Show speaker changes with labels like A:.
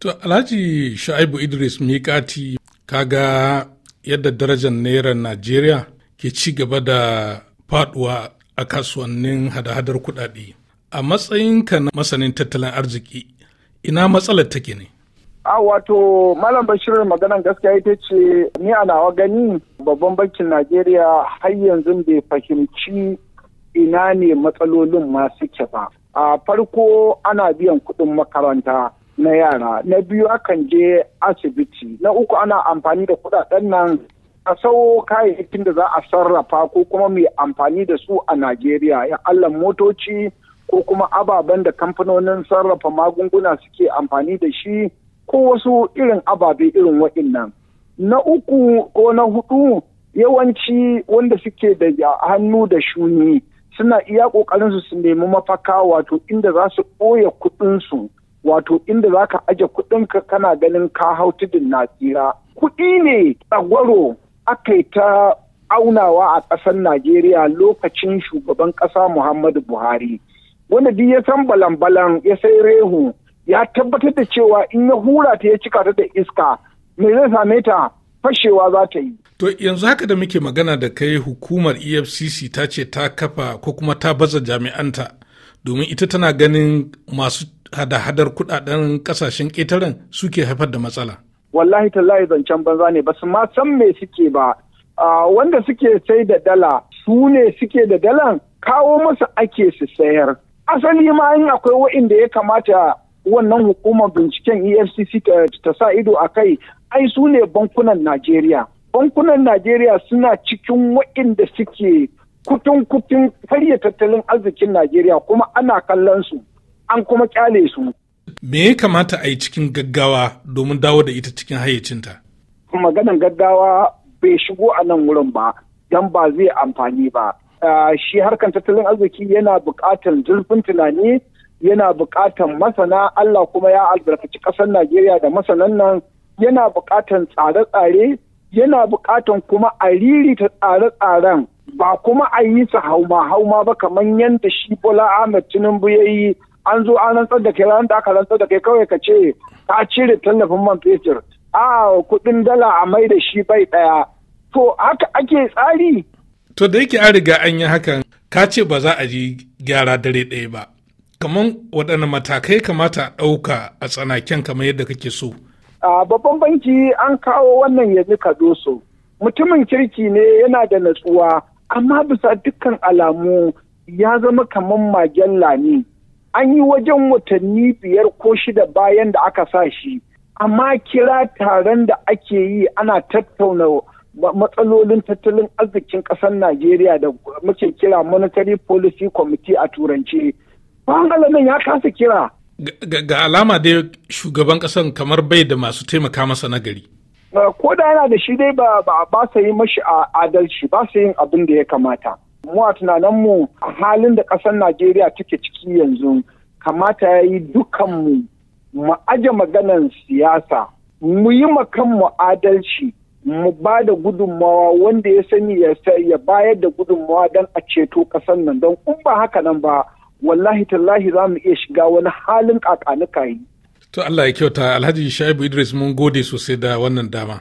A: To Alhaji Sha'ibu Idris Mikati kaga yadda darajar naira Najeriya ke ci gaba da faduwa a kasuwannin hada-hadar kuɗaɗe. A matsayinka na masanin tattalin arziki, ina matsalar take ne?
B: A wato Malam Bashir maganan gaskiya ita ce ni a nawa gani babban bankin Najeriya har yanzu bai fahimci ina ne matsalolin masu ba. A farko ana biyan kuɗin makaranta. na yara na biyu akan je asibiti na uku ana amfani da kudaden nan a sau kayayyakin da za a sarrafa ko kuma mai amfani da su a najeriya ya allan motoci ko kuma ababen da kamfanonin sarrafa magunguna suke amfani da shi ko wasu irin ababe irin waɗannan na uku ko na hudu yawanci wanda suke da hannu da shuni suna iya ƙoƙarinsu su nemi mafaka wato inda za su ɓoye kuɗinsu wato inda za ka aje kudinka kana ganin ka hau tudun na tsira kuɗi ne tsagwaro aka yi ta aunawa a ƙasar najeriya lokacin shugaban ƙasa muhammadu buhari wanda duk ya san balan-balan ya sai rehu ya tabbatar da cewa in ya hura ta ya cika ta da iska me zai same ta fashewa za ta yi.
A: To yanzu haka da muke magana da kai hukumar EFCC ta ce ta kafa ko kuma ta baza jami'anta domin ita tana ganin masu hada-hadar kudaden kasashen ƙetaren suke haifar da matsala.
B: Wallahi tallahi zancen banza ne ba su ma san me suke ba. Wanda suke sai da dala su ne suke da dalan kawo masa ake su sayar. Asali ma in akwai wa'inda ya kamata wannan hukumar binciken EFCC ta sa ido a kai ai su ne bankunan Najeriya. Bankunan Najeriya suna cikin wa'inda suke kutun-kutun karya tattalin arzikin Najeriya kuma ana kallon su. an kuma kyale su.
A: Me ya kamata a yi cikin gaggawa domin dawo da ita cikin hayyacinta?
B: Maganan gaggawa bai shigo a nan wurin ba, don ba zai amfani ba. Ah, shi harkar tattalin arziki yana buƙatar zurfin tunani, yana buƙatar masana, Allah kuma ya albarkaci ƙasar Najeriya da masanan nan, yana buƙatar tsare-tsare, yana buƙatar kuma a ririta tsare-tsaren ba kuma a yi su hauma-hauma ba kamar yadda shi Bola Ahmed Tinubu ya yi an zo an rantsar da kai ran da aka rantsar da kai kawai ka ce ka cire tallafin man fetur a kuɗin dala a mai da shi bai ɗaya to haka ake tsari
A: to da yake an riga an yi hakan ka ce ba za a ji gyara dare ɗaya ba kamar waɗanne matakai kamata a ɗauka a tsanaken kamar yadda kake so
B: a babban banki an kawo wannan yanzu kadoso mutumin kirki ne yana da natsuwa amma bisa dukkan alamu ya zama kamar magella ne an yi wajen watanni biyar ko shida bayan da aka sa shi amma kira taron da ake yi ana tattauna matsalolin tattalin arzikin ƙasar najeriya da muke kira monetary policy committee a turance nan ya kasa kira
A: ga alama dai shugaban ƙasar kamar bai da masu taimaka masa nagari
B: ko da yana da shi dai ba ba sa yi mashi adalci ba sa yin abin da ya kamata mu a tunaninmu a halin da ƙasar najeriya take ciki yanzu kamata ya yi dukanmu mu aje maganan siyasa mu yi mu adalci mu ba da gudunmawa wanda ya sani ya bayar da gudunmawa don a ceto ƙasar nan don in ba haka nan ba wallahi tallahi za mu iya shiga wani halin kakanuka yi.
A: To Allah ya kyauta Alhaji Shaibu Idris mun gode sosai da wannan dama.